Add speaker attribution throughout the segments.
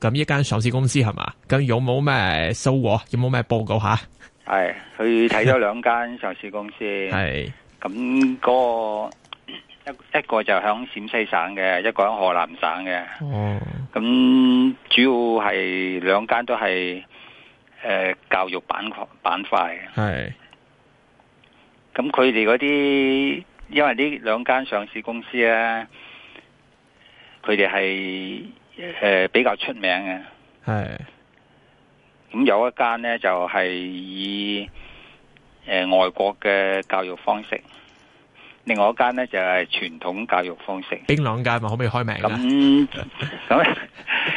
Speaker 1: 咁一間上市公司係嘛？咁有冇咩收穫？有冇咩報告吓？
Speaker 2: 係，去睇咗兩間上市公司。係咁，嗰個一一個就響陝西省嘅，一個響河南省嘅。哦。咁主要係兩間都係誒教育板塊板塊嘅。係。咁佢哋嗰啲，因為呢兩間上市公司咧，佢哋係。.誒、呃，比較出名嘅係，咁的、嗯、有一間咧就係、是、以誒、呃、外國嘅教育方式，另外一間咧就係、是、傳統教育方式。冰朗街咪可唔可以開名？咁咁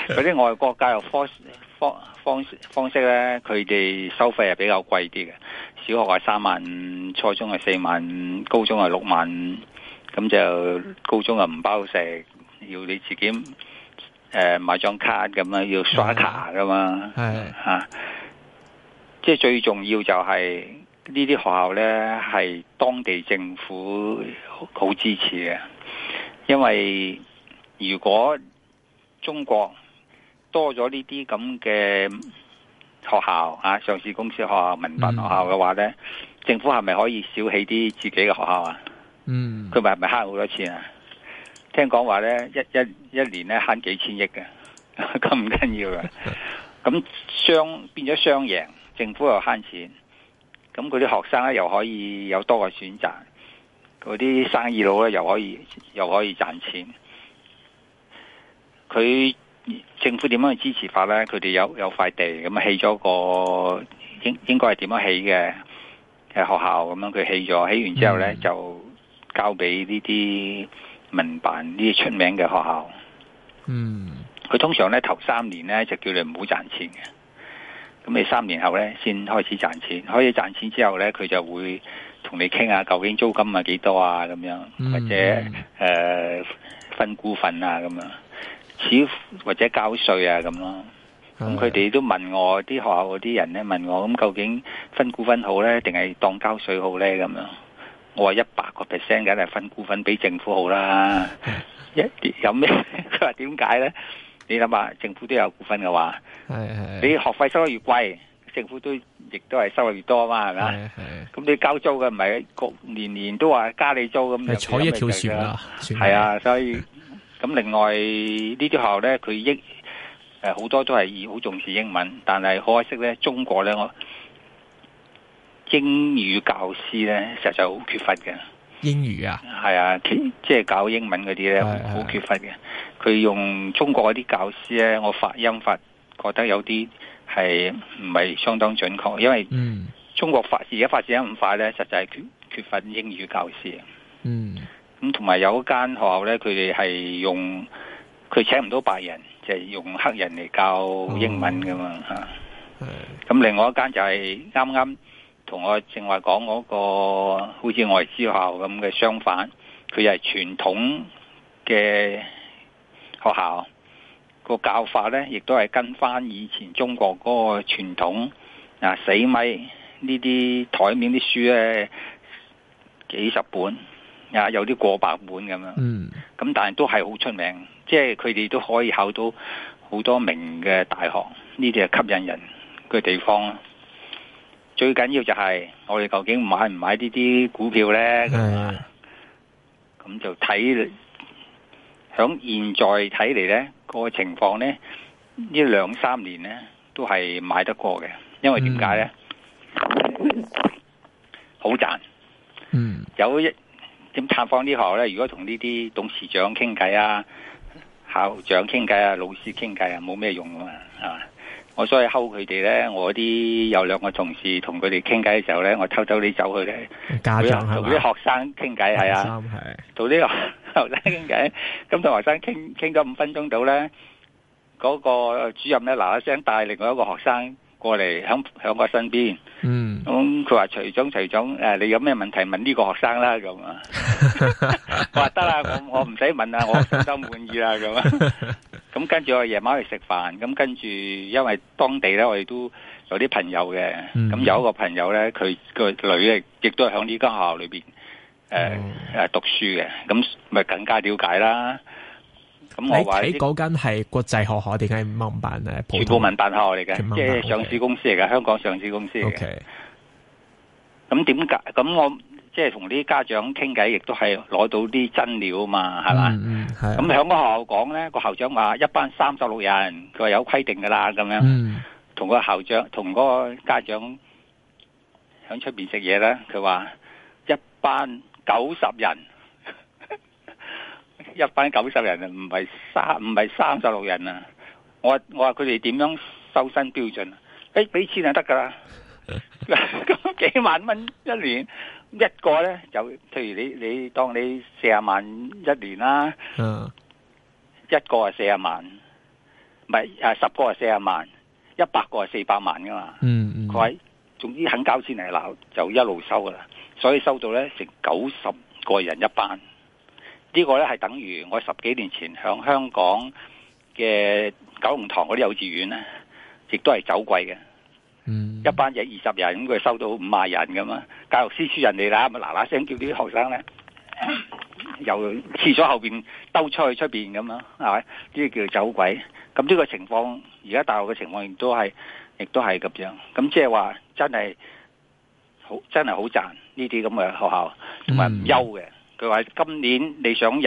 Speaker 2: 嗰啲外國教育方式方方方式咧，佢哋收費係比較貴啲嘅，小學係三萬，初中係四萬，高中係六萬，咁就高中又唔包食，要你自己。誒，買張、呃、卡咁樣，要刷卡噶嘛，係吓，即係最重要就係呢啲學校咧係當地政府好支持嘅，因爲如果中國多咗呢啲咁嘅學校啊，上市公司學校、民辦學校嘅話咧，嗯、政府係咪可以少起啲自己嘅學校啊？嗯，佢咪係咪慳好多錢啊？聽講話咧，一一一年咧慳幾千億嘅，咁唔緊要嘅。咁雙變咗雙贏，政府又慳錢，咁嗰啲學生咧又可以有多個選擇，嗰啲生意佬咧又可以又可以賺錢。佢政府點樣去支持法咧？佢哋有有塊地咁啊，起咗個應應該係點樣起嘅？誒，學校咁樣佢起咗，起完之後咧、嗯、就交俾呢啲。民辦呢啲出名嘅學校，嗯，佢通常咧頭三年咧就叫你唔好賺錢嘅，咁你三年後咧先開始賺錢，開始賺錢之後咧佢就會同你傾下究竟租金啊幾多啊咁樣，或者誒、嗯嗯呃、分股份啊咁樣，似或者交稅啊咁咯，咁佢哋都問我啲學校嗰啲人咧問我，咁究竟分股份好咧，定係當交稅好咧咁樣？我話一百個 percent，梗係分股份俾政府好啦。一有咩？佢話點解咧？你諗下，政府都有股份嘅話，
Speaker 1: 係係。你學
Speaker 2: 費收得越貴，政府都亦都係收得越多嘛？係咪啊？咁你交租嘅唔係國年年都話加你租咁，係坐一條船啦。係啊，所以咁另外呢啲學校咧，佢英誒好多都係好重視英文，但係可惜咧，中國咧我。英語教師咧，實在好缺乏嘅。
Speaker 1: 英語啊，
Speaker 2: 係啊，即係教英文嗰啲咧，好 缺乏嘅。佢用中國嗰啲教師咧，我發音發覺得有啲係唔係相當準確，因為中國發而家發展得咁快咧，實在缺缺乏英語教師。嗯，咁同埋有一間學校咧，佢哋係用佢請唔到白人，就係、是、用黑人嚟教英文㗎嘛吓。
Speaker 3: 咁、嗯、另
Speaker 2: 外一間就係啱啱。啱啱同我正話講嗰個好似外資學校咁嘅相反，佢又係傳統嘅學校，個教法咧亦都係跟翻以前中國嗰個傳統，啊死咪呢啲檯面啲書咧幾十本，啊有啲過百本咁樣。嗯。咁但係都係好出名，即係佢哋都可以考到好多名嘅大學，呢啲係吸引人嘅地方。最緊要就係我哋究竟買唔買呢啲股票呢？咁、嗯、就睇響現在睇嚟呢、呢個情況呢，呢兩三年呢都係買得過嘅，因為點解呢？好賺？嗯，賺嗯有一點探訪呢啲學校呢，如果同呢啲董事長傾偈啊、校長傾偈啊、老師傾偈啊，冇咩用噶嘛，係嘛？我所以偷佢哋咧，我啲有兩個同事同佢哋傾偈嘅時候咧，我偷偷哋走去
Speaker 1: 咧，同啲學
Speaker 2: 生傾偈係啊，同啲學生傾偈，咁同學生傾傾咗五分鐘到咧，嗰、嗰個主任咧，嗱嗱聲帶另外一個學生過嚟響響我身邊，嗯，咁佢話徐總徐總誒，你有咩問題問呢個學生啦咁啊，我話得啦，我我唔使問啦，我學生都滿意啦咁啊。咁跟住我夜晚去食飯，咁跟住因為當地咧我哋都有啲朋友嘅，咁、嗯、有一個朋友咧佢個女亦都喺呢間學校裏邊誒誒讀書嘅，咁咪更加了解啦。咁我睇嗰
Speaker 1: 間係國際學校定係民辦咧？呢通全部民辦學校嚟嘅，即係上市
Speaker 2: 公司嚟嘅，Okay. 香港上市公司嚟嘅。咁點解？咁我。即係同啲家長傾偈，亦都係攞到啲真料啊嘛，係嘛？咁響個學校講呢，校嗯、個校長話一班三十六人，佢話有規定噶啦咁樣。同個校長同嗰個家長響出邊食嘢呢，佢話一班九十人， 一班九十人啊，唔係三唔係三十六人啊！我我話佢哋點樣收生標準？誒、欸，俾錢就得噶啦，咁 幾萬蚊一年。一個咧，就，譬如你你當你四十萬一年啦，啊、一個係四十萬，唔係啊十個係四十萬，一百個係四百萬噶嘛。佢、嗯嗯、總之肯交錢嚟，鬧，就一路收噶啦。所以收到咧，成九十個人一班，這個，呢個咧，係等於我十幾年前響香港嘅九龍塘嗰啲幼稚園咧，亦都係走貴嘅。嗯，一班嘢二十人，咁佢收到五啊人咁嘛。教育務處人嚟啦，咪嗱嗱聲叫啲學生咧，由廁所後邊兜出去出邊咁樣，係咪？呢啲叫做走鬼。咁呢個情況，而家大學嘅情況亦都係，亦都係咁樣。咁即係話真係好，真係好賺呢啲咁嘅學校同埋唔休嘅。佢話今年你想入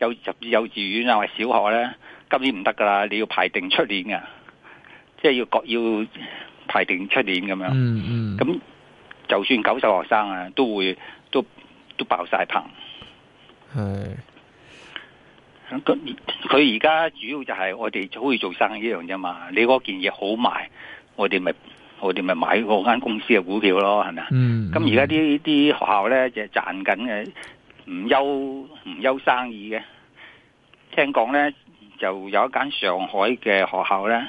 Speaker 2: 幼入幼稚園啊或者小學咧，今年唔得噶啦，你要排定出年㗎，即係要要。要要排定出年咁樣，咁、嗯嗯、就算九十學生啊，都會都都爆晒棚。係是，咁佢而家主要就係我哋好似做生意一樣啫嘛。你嗰件嘢好賣，我哋咪我哋咪買嗰間公司嘅股票咯，係咪？嗯。咁而家啲啲學校咧就賺緊嘅，唔憂唔憂生意嘅。聽講咧，就有一間上海嘅學校咧。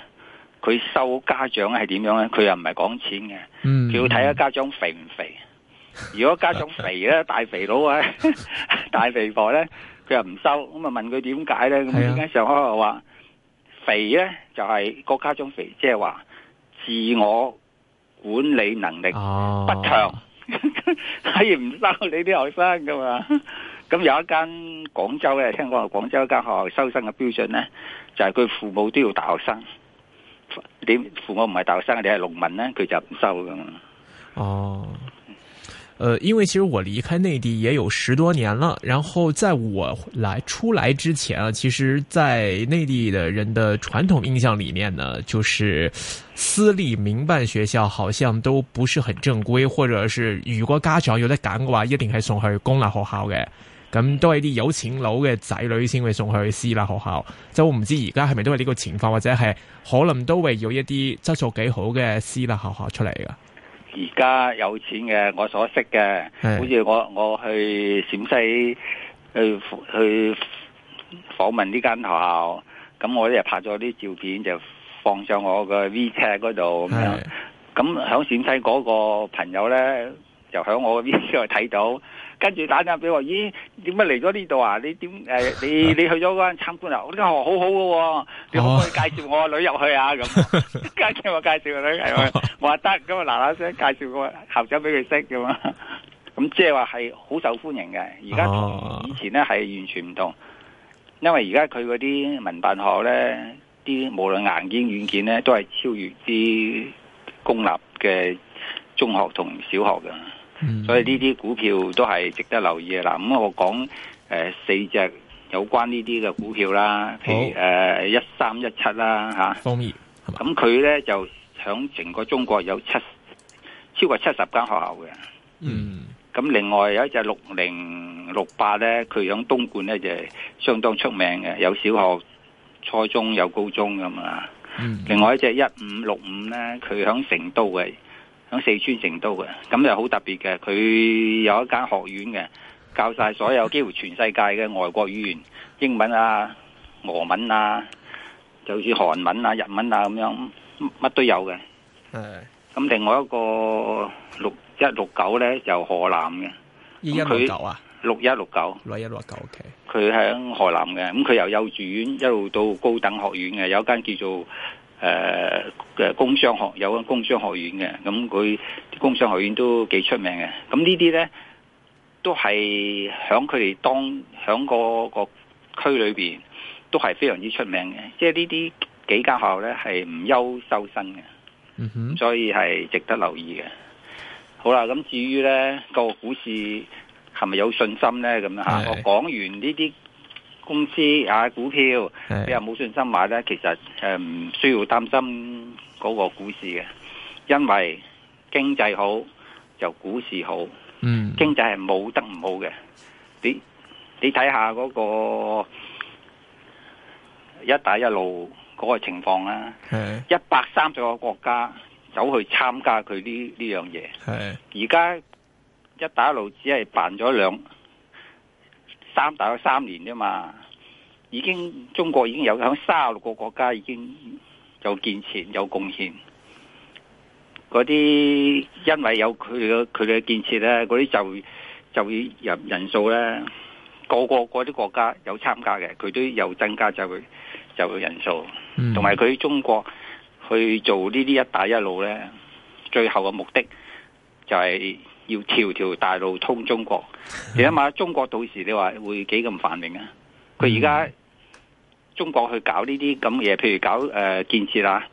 Speaker 2: 佢收家長係點樣咧？佢又唔係講錢嘅，佢要睇下家長肥唔肥。如果家長肥咧，大肥佬啊，大肥婆咧，佢又唔收。咁啊問佢點解咧？咁依家上海又話肥咧就係個家長肥，即係話自我管理能力不強，所以唔收你啲學生噶嘛。咁有一間廣州咧，聽講啊，廣州一間學校收生嘅標準咧，就係佢父母都要大學生。你父母唔係大學生，你係農民咧，佢就
Speaker 1: 唔收噶嘛。哦，呃，因為其實我離開內地也有十多年了，然後在我來出來之前啊，其實在內地嘅人的傳統印象裏面呢，就是私立民辦學校好像都不是很正規，或者是如果家長有得揀嘅話，一定係送去公立學校嘅。好咁都係啲有錢佬嘅仔女先會送去私立學校，就唔知而家係咪都係呢個情況，或者係可能都係要一啲質素幾好嘅私立學校出嚟噶。
Speaker 2: 而家有錢嘅，我所識嘅，是好似我我去陝西去去訪問呢間學校，咁我日拍咗啲照片就放上我嘅 WeChat 嗰度咁樣。咁喺是陝西嗰個朋友咧，就喺我嘅 WeChat 度睇到。跟住打電話俾我，咦？點解嚟咗呢度啊？你點、呃、你你去咗嗰間參觀啊？我呢間學校好好嘅，啊，你可唔可以介紹我女入去啊？咁介紹，我介紹個女，我話得，咁啊嗱嗱聲介紹個校長俾佢識㗎嘛。咁即係話係好受歡迎嘅。而家以前咧係完全唔同，因為而家佢嗰啲民辦學咧，啲無論硬件軟件咧，都係超越啲公立嘅中學同小學嘅。嗯、所以呢啲股票都係值得留意嘅啦。咁我講誒四隻有關呢啲嘅股票啦，譬如誒一三一七啦吓，咁佢咧就響整個中國有七超過七十間學校嘅。嗯。咁另外有一隻六零六八咧，佢響東莞咧就係、是、相當出名嘅，有小學、初中有高中咁啊。嗯、另外一隻一五六五咧，佢響成都嘅。響四川成都嘅，咁又好特別嘅。佢有一間學院嘅，教晒所有幾乎全世界嘅外國語言，英文啊、俄文啊，就好似韓文啊、日文啊咁樣，乜都有嘅。
Speaker 1: 係。
Speaker 2: 咁另外一個六一六九呢，就河南嘅。六
Speaker 1: 一六九啊？
Speaker 2: 六一六九。六一六九，OK。佢喺河南嘅，咁佢由幼稚園一路到高等學院嘅，有一間叫做。誒、嘅、呃、工商學有間工商學院嘅、咁、那、佢、個工商學院都幾出名嘅，咁呢啲呢都係響佢哋當響嗰個區裏邊都係非常之出名嘅，即係呢啲幾間學校呢係唔憂收生嘅。嗯、哼所以係值得留意嘅。好啦，咁至於呢、那個股市係咪有信心呢？咁樣吓，我講完呢啲。公司啊，股票你又冇信心買咧，其實誒唔需要擔心嗰個股市嘅，因為經濟好就股市好，嗯，經濟係冇得唔好嘅。你你睇下嗰個一帶一路嗰個情況啦，一百三十個國家走去參加佢呢呢樣嘢，而家是一帶一路只係辦咗兩。三大概三年啫嘛，已經中國已經有響卅六個國家已經有建設有貢獻。嗰啲因為有佢嘅佢嘅建設咧，嗰啲就就會人人數咧，各個個嗰啲國家有參加嘅，佢都有增加就會就會人數，同埋佢中國去做呢啲一帶一路咧，最後嘅目的就係、是。要條條大路通中國，你諗下，中國到時你話會幾咁繁榮啊？佢而家中國去搞呢啲咁嘢，譬如搞、呃、建設啊、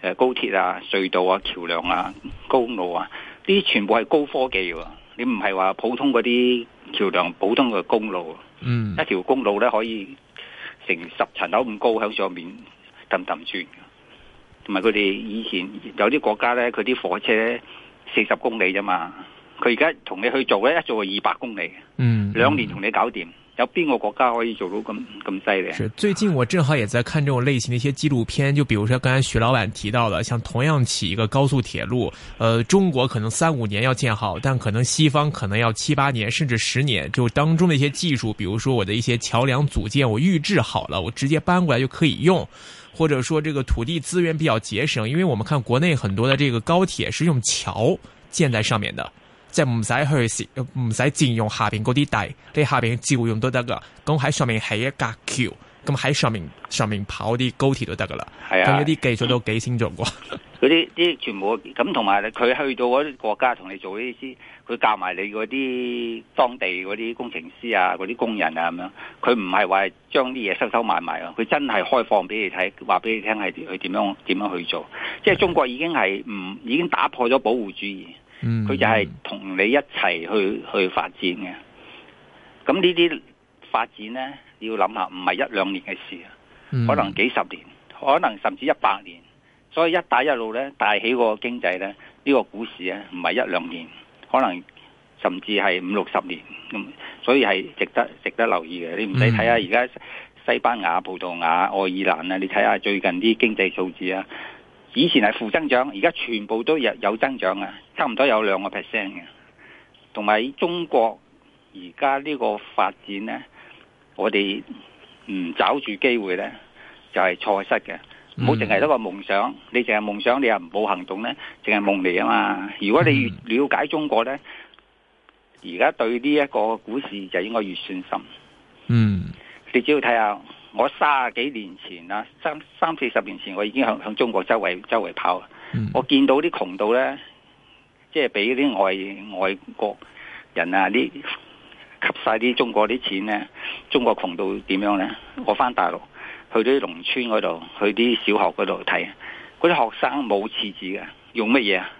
Speaker 2: 呃、高鐵啊、隧道啊、橋梁啊、公路啊，呢啲全部係高科技喎、啊。你唔係話普通嗰啲橋梁、普通嘅公路，嗯、一條公路咧可以成十層樓咁高喺上面氹氹轉，同埋佢哋以前有啲國家咧，佢啲火車四十公里啫嘛。佢而家同你去做呢，一做二百公里，嗯，兩年同你搞掂。有邊個國家可以做到咁咁犀利
Speaker 1: 啊？最近我正好也在看這種類型的一些紀錄片，就比如說剛才徐老闆提到的，像同樣起一個高速鐵路，呃，中國可能三五年要建好，但可能西方可能要七八年甚至十年。就當中的一些技術，比如說我的一些橋樑組件，我預製好了，我直接搬過來就可以用，或者說這個土地資源比較節省，因為我們看國內很多的這個高鐵是用橋建在上面的。即係唔使去蝕，唔使佔用下邊嗰啲地，你下邊照用都得噶。咁喺上面起一架橋，咁喺上面上面跑啲高鐵都得噶啦。係啊，咁啲技術都幾先進啩？
Speaker 2: 嗰啲啲全部咁，同埋佢去到嗰啲國家同你做呢啲，佢教埋你嗰啲當地嗰啲工程師啊，嗰啲工人啊咁樣。佢唔係話將啲嘢收收埋埋啊，佢真係開放俾你睇，話俾你聽係佢點樣點樣去做。即係中國已經係唔已經打破咗保護主義。佢就係同你一齊去去發展嘅，咁呢啲發展呢，你要諗下，唔係一兩年嘅事，可能幾十年，可能甚至一百年，所以一帶一路呢，帶起個經濟呢，呢、呢個股市呢，唔係一兩年，可能甚至係五六十年，咁所以係值得值得留意嘅。你唔使睇下而家西班牙、葡萄牙、愛爾蘭啊，你睇下最近啲經濟數字啊。以前係負增長，而家全部都有有增長啊，差唔多有兩個 percent 嘅。同埋中國而家呢個發展呢，我哋唔找住機會呢，就係、是、錯失嘅。唔好淨係得個夢想，你淨係夢想，你又唔冇行動呢，淨係夢嚟啊嘛。如果你越了解中國呢，而家、嗯、對呢一個股市就應該越信心。嗯，你只要睇下。我卅幾年前啦，三三四十年前，我已經向向中國周圍周圍跑了。嗯、我見到啲窮到呢，即係俾啲外外國人啊，啲吸晒啲中國啲錢呢，中國窮到點樣呢？我翻大陸去到啲農村嗰度，去啲小學嗰度睇，嗰啲學生冇廁紙嘅，用乜嘢啊？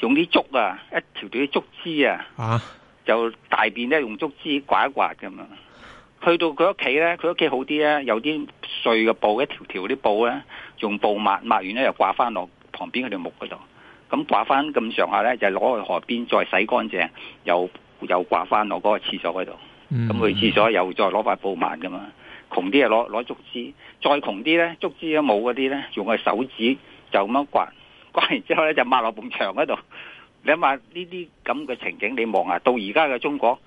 Speaker 2: 用啲竹啊，一條條啲竹枝啊，啊就大便都用竹枝刮一刮咁樣。去到佢屋企咧，佢屋企好啲咧，有啲碎嘅布，一條條啲布咧，用布抹抹完咧，嗯嗯，又掛翻落旁邊嗰條木嗰度。咁掛翻咁上下咧，就攞去河邊再洗乾淨，又又掛翻落嗰個廁所嗰度。咁去廁所又再攞塊布抹噶嘛。窮啲啊，攞攞竹枝，再窮啲咧，竹枝都冇嗰啲咧，用個手指就咁樣刮，刮完之後咧就抹落埲牆嗰度。你諗下呢啲咁嘅情景，你望啊，到而家嘅中國，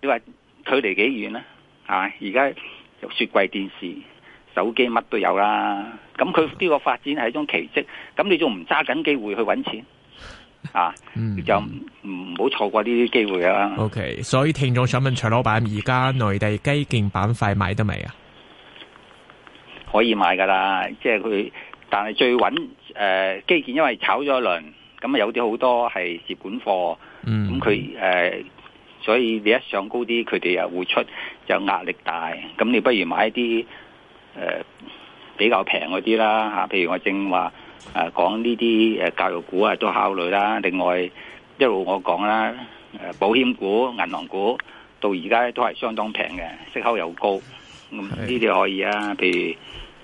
Speaker 2: 你話佢離幾遠啊？係，而家，啊，有雪櫃電視、手機乜都有啦。咁佢呢個發展係一種奇蹟。咁你仲唔揸緊機會去搵錢？啊，嗯，就唔好錯過呢啲機會啦。O、okay,
Speaker 1: OK，所以聽眾想問徐老闆，而家內地基建板塊買得未啊？
Speaker 2: 可以買噶啦，即係佢，但係最穩誒、呃、基建，因為炒咗一輪，咁啊有啲好多係蝕本貨。咁佢誒。呃嗯所以你一上高啲，佢哋又會出，就壓力大。咁你不如買一啲誒、呃、比較平嗰啲啦嚇，譬如我正話誒、啊、講呢啲誒教育股啊，都考慮啦。另外一路我講啦，誒、啊、保險股、銀行股到而家都係相當平嘅，息口又高，咁呢啲可以啊。譬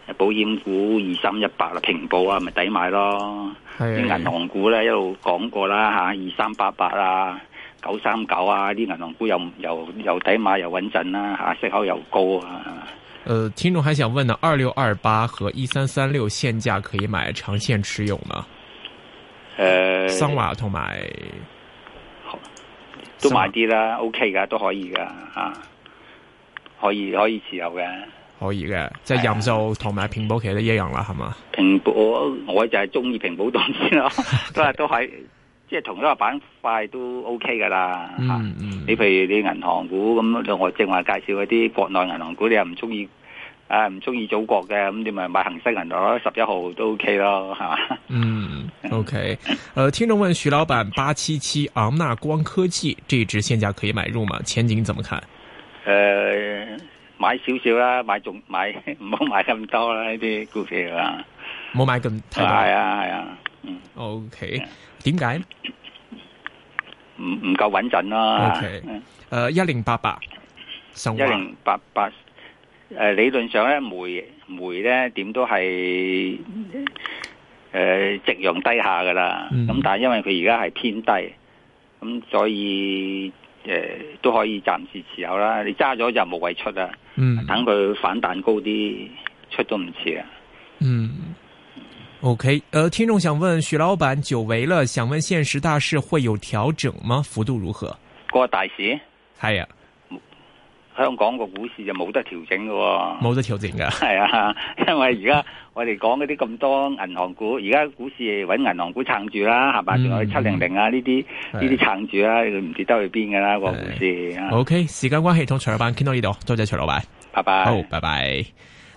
Speaker 2: 如保險股二三一八啦，平保啊，咪抵買咯。啲銀行股咧一路講過啦嚇，二三八八啊。九三九啊，啲銀行股又又又抵買又穩陣啦，吓，息口又高啊。誒、
Speaker 1: 呃，聽眾還想問呢，二六二八和一三三六現價可以買長線持有嗎？
Speaker 2: 誒、呃，新華、同埋好，都買啲啦獲，OK 噶，都可以噶，吓、啊，可以可以持有嘅，
Speaker 1: 可以嘅，即係人壽同埋平保期都一樣啦，係嘛、
Speaker 2: 呃？平保的我就係中意平保檔先咯，都係都係。即係同一個板塊都 O K 噶啦，吓、嗯，你、嗯、譬、啊、如你銀行股咁，我正話介紹嗰啲國內銀行股，你又唔中意，誒唔中意祖國嘅，咁你咪買恒生銀行、OK、咯，十一號都 O K 咯，係嘛、嗯？嗯
Speaker 1: ，O K。誒、呃，聽眾問徐老闆，八七七昂納光科技這支現價可以買入嗎？前景怎麼看？
Speaker 2: 誒、呃，買少少啦，買仲買唔好買咁多啦呢啲股票啦沒
Speaker 1: 啊，冇買咁係啊
Speaker 2: 係啊。OK
Speaker 1: 點解？唔
Speaker 2: 唔夠穩陣啦。OK，誒，
Speaker 1: 一零八八，一零
Speaker 2: 八八，誒，理論上咧煤煤咧點都係誒，夕、呃、陽低下噶啦。咁、嗯、但係因為佢而家係偏低，咁所以誒、呃、都可以暫時持有啦。你揸咗就無謂出啊。
Speaker 1: 嗯。
Speaker 2: 等佢反彈高啲，出都唔遲啊。嗯。
Speaker 1: O、okay, K，呃，聽眾想問徐老闆，久違了，想問現時大市會有調整嗎？幅度如何？
Speaker 2: 個大市係啊，哎、呀香港個股市就冇得調整噶、哦，冇得調整噶，係啊，因為而家我哋講嗰啲咁多銀行股，而家 股市揾銀行股撐住啦，係嘛，仲有、嗯、七零零啊呢啲呢啲撐住啦，佢唔知兜去邊噶啦個股市。哎、
Speaker 1: o、okay, K，時間關係同徐老板傾到呢度，多謝徐老闆，拜拜，好，拜拜。拜拜